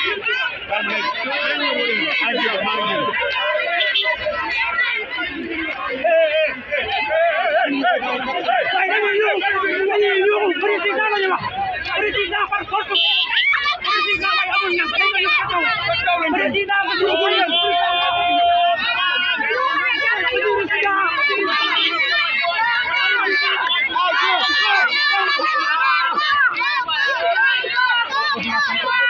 I'm like, I get mountain. Thank you.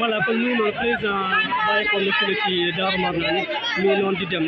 voilà kon ñu noonu président bàyyi ko na fële ci Darou Marnane ñu di dem